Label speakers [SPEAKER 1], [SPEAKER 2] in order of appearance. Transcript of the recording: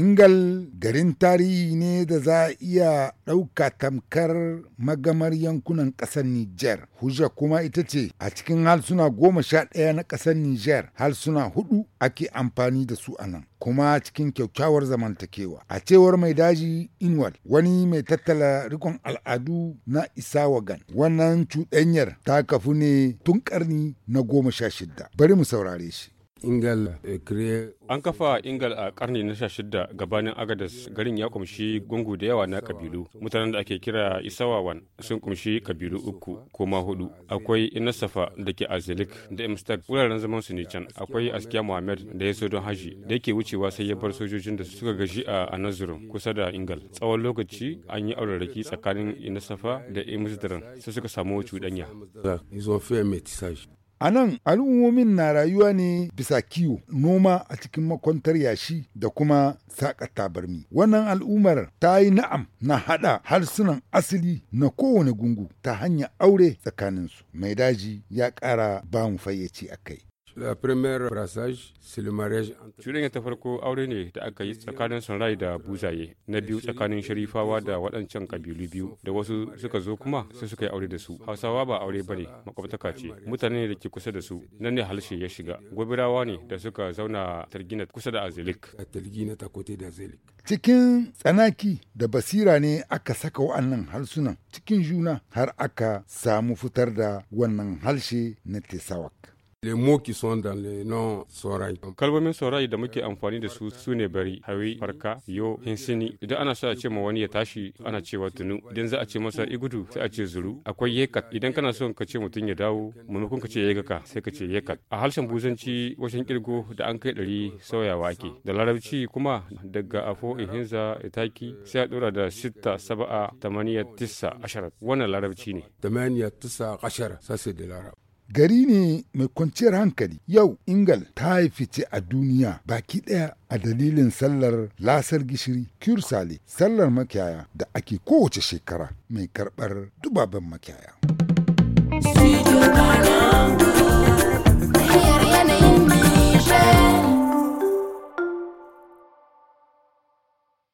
[SPEAKER 1] Ingal garin tarihi ne da za a iya ɗauka tamkar magamar yankunan ƙasar Nijar. Hujja kuma ita ce a cikin halsuna goma sha ɗaya na ƙasar Nijar halsuna hudu ake amfani da su a nan. kuma cikin kyakkyawar zamantakewa a cewar mai daji inwal wani mai tattala rikon al'adu na isawagan wannan cuɗanyar ta kafu ne tun ƙarni na goma sha shidda bari mu saurare shi Ingal
[SPEAKER 2] eh, An kafa Ingal a karni na 16 gabanin Agadas garin ya kumshi gungu da yawa na kabilu. Mutanen da ake kira Isawawan sun kumshi kabilu uku ko ma hudu. Akwai Inasafa da ke Azilik da Imstag wuraren zaman su ne can. Akwai Askiya Muhammad da ya so don haji da yake wucewa sai ya bar sojojin da suka gaji a Anazurum kusa da Ingal. Tsawon lokaci an yi auraraki tsakanin Inasafa da Imstag sai suka samu cuɗanya.
[SPEAKER 1] A nan al'ummomin na rayuwa ne bisa kiwo, noma a cikin makwantar yashi da kuma saƙa tabarmi. Wannan al'ummar ta yi na'am na haɗa harsunan asali na kowane gungu ta hanyar aure tsakaninsu. Mai daji ya ƙara ba mu fayyace a kai.
[SPEAKER 2] Shirya ta farko aure ne da aka yi tsakanin Sunrai da Buzaye, na biyu tsakanin Sharifawa da waɗancan kabilu biyu, da wasu suka zo kuma sai suka yi aure da su. Hausawa ba aure bane ne, makwabtaka ce, mutane da ke kusa da su, nan ne halshe ya shiga. Gobirawa ne da suka zauna Targina kusa da Azelik.
[SPEAKER 1] Cikin tsanaki da basira ne aka saka wa'annan harsunan cikin juna har aka samu fitar da wannan harshe na Tesawak.
[SPEAKER 2] kalmomin sorayi da muke amfani da su sune bari hawi farka yo hinsini idan ana so a ce ma wani ya tashi ana cewa tunu idan za a ce masa igudu sai a ce zuru akwai yekat idan kana son ka ce mutum ya dawo maimakon ka ce yekaka sai ka ce yekat a harshen busanci wajen kirgo da an kai ɗari sauyawa ake da larabci kuma daga afo ihinza itaki sai a ɗora da sitta saba'a tamaniya tisa ashara. wannan larabci ne tamaniya tisa ashara da larabci
[SPEAKER 1] gari ne mai kwanciyar hankali yau ingal ta haifice a duniya baki daya a dalilin sallar lasar gishiri kursale sallar makiyaya da ake kowace shekara mai karɓar dubaban makiyaya.